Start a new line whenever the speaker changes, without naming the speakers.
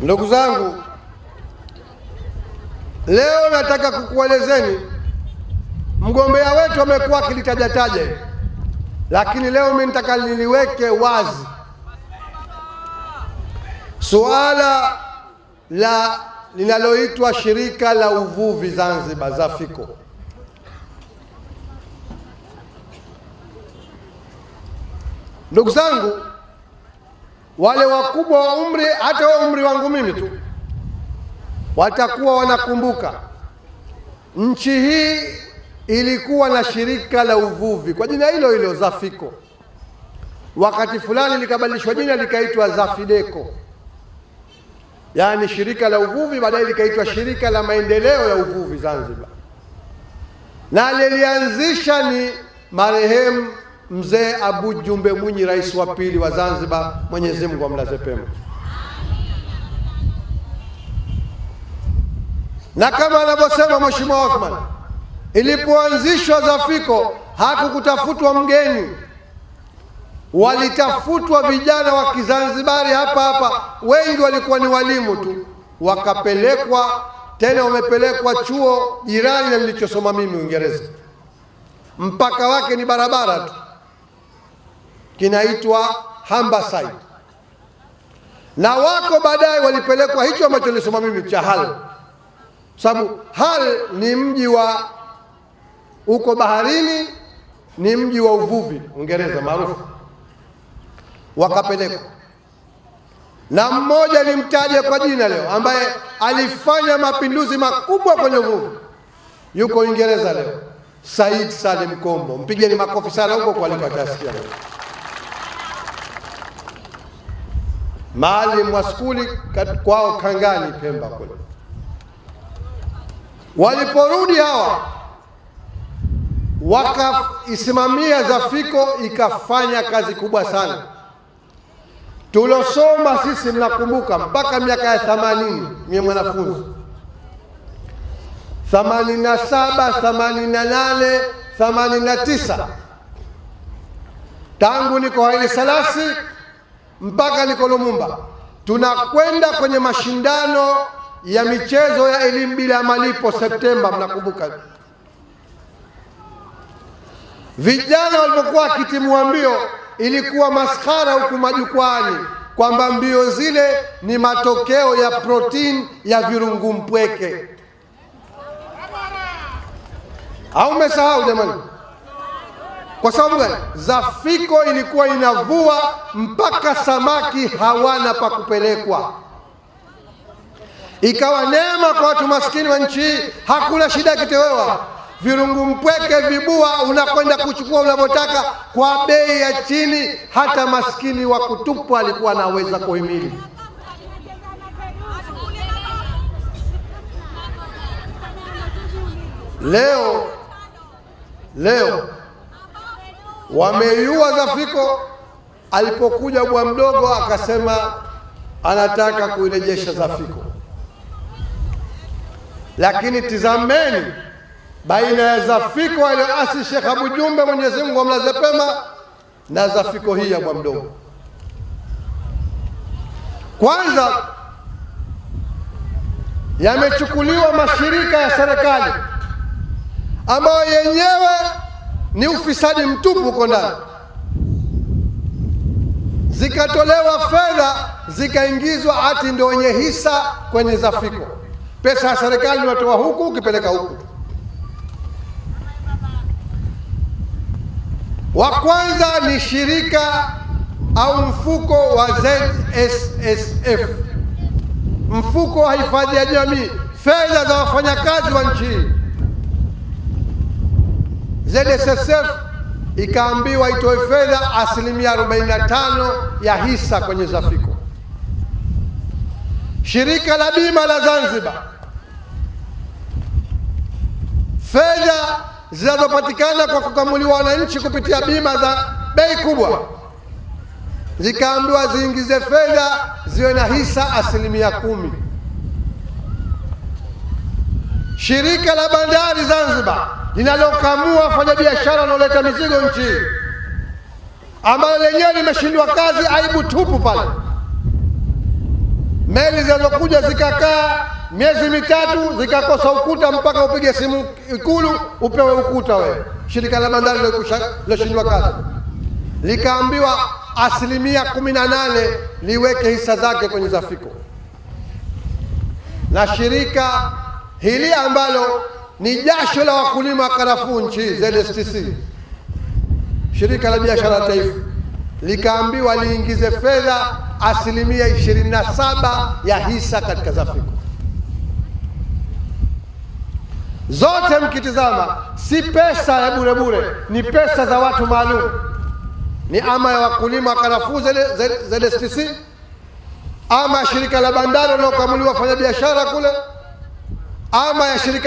Ndugu zangu, leo nataka kukuelezeni mgombea wetu amekuwa akilitajataja, lakini leo mimi nitaka niliweke wazi suala la linaloitwa shirika la uvuvi Zanzibar ZAFICO. Ndugu zangu wale wakubwa wa umri, hata wa umri wangu mimi tu, watakuwa wanakumbuka nchi hii ilikuwa na shirika la uvuvi kwa jina hilo hilo Zafiko. Wakati fulani likabadilishwa jina likaitwa Zafideko, yaani shirika la uvuvi, baadaye likaitwa shirika la maendeleo ya uvuvi Zanzibar, na alilianzisha ni marehemu Mzee Abu Jumbe Mwinyi, rais wa pili wa Zanzibar, Mwenyezi Mungu amlaze pema. Na kama anavyosema Mheshimiwa Othman, ilipoanzishwa zafiko hakukutafutwa mgeni, walitafutwa vijana wa Kizanzibari hapa hapa, wengi walikuwa ni walimu tu, wakapelekwa tena, wamepelekwa chuo jirani na nilichosoma mimi Uingereza, mpaka wake ni barabara tu kinaitwa Humberside, na wako baadaye walipelekwa hicho ambacho nilisoma mimi cha Hal, sababu Hal ni mji wa uko baharini, ni mji wa uvuvi Uingereza maarufu, wakapelekwa na mmoja nimtaje kwa jina leo, ambaye alifanya mapinduzi makubwa kwenye uvuvi, yuko Uingereza leo, Said Salim Kombo. Mpigeni makofi sana huko kwa alikotasikia leo. Maalim Waskuli kwao Kangani Pemba kule. Waliporudi hawa wakaisimamia Zafiko ikafanya kazi kubwa sana. Tulosoma sisi mnakumbuka, mpaka miaka ya themanini, mie mwanafunzi themanini na saba, themanini na nane, themanini na tisa, tangu niko haili salasi mpaka niko Lumumba, tunakwenda kwenye mashindano ya michezo ya elimu bila ya malipo Septemba. Mnakumbuka vijana walipokuwa wakitimua mbio, ilikuwa maskhara huku majukwani kwamba mbio zile ni matokeo ya protini ya virungu mpweke. Au umesahau jamani? Kwa sababu gani? Zafiko ilikuwa inavua mpaka samaki hawana pa kupelekwa. Ikawa neema kwa watu maskini wa nchi, hakuna shida ya kitewewa, virungu mpweke, vibua, unakwenda kuchukua unavyotaka kwa bei ya chini. Hata maskini wa kutupwa alikuwa anaweza kuhimili. Leo leo wameiua Zafiko. Alipokuja bwa mdogo akasema anataka kuirejesha Zafiko, lakini tizameni baina ya Zafiko aliyoasi shekh Abu Jumbe, Mwenyezi Mungu amlaze pema, na Zafiko hii ya bwa mdogo. Kwanza yamechukuliwa mashirika ya serikali ambayo yenyewe ni ufisadi mtupu uko ndani. Zikatolewa fedha zikaingizwa, hati ndio wenye hisa kwenye zafiko Pesa ya serikali unatoa huku ukipeleka huku. Wa kwanza ni shirika au mfuko wa ZSSF, mfuko wa hifadhi ya jamii, fedha za wafanyakazi wa nchi hii ZSSF ikaambiwa itoe fedha asilimia 45 ya hisa kwenye zafiko Shirika la bima la Zanzibar, fedha zinazopatikana kwa kukamuliwa wananchi kupitia bima za bei kubwa zikaambiwa ziingize fedha ziwe na hisa asilimia kumi. Shirika la bandari Zanzibar linalokamua wafanyabiashara wanaoleta mizigo nchi, ambalo lenyewe limeshindwa kazi, aibu tupu pale. Meli zinazokuja zikakaa miezi mitatu zikakosa ukuta, mpaka upige simu Ikulu upewe ukuta wewe. Shirika la bandari liloshindwa kazi likaambiwa asilimia kumi na nane liweke hisa zake kwenye Zafiko na shirika hili ambalo ni jasho la wakulima wa karafuu nchi ZSTC, shirika la biashara taifa likaambiwa liingize fedha asilimia 27 ya hisa katika Zafico zote. Mkitizama si pesa ya bure bure, ni pesa za watu maalum, ni ama ya wakulima karafuu ZSTC ama shirika la bandari wanaokamuliwa wafanyabiashara kule ama ya shirika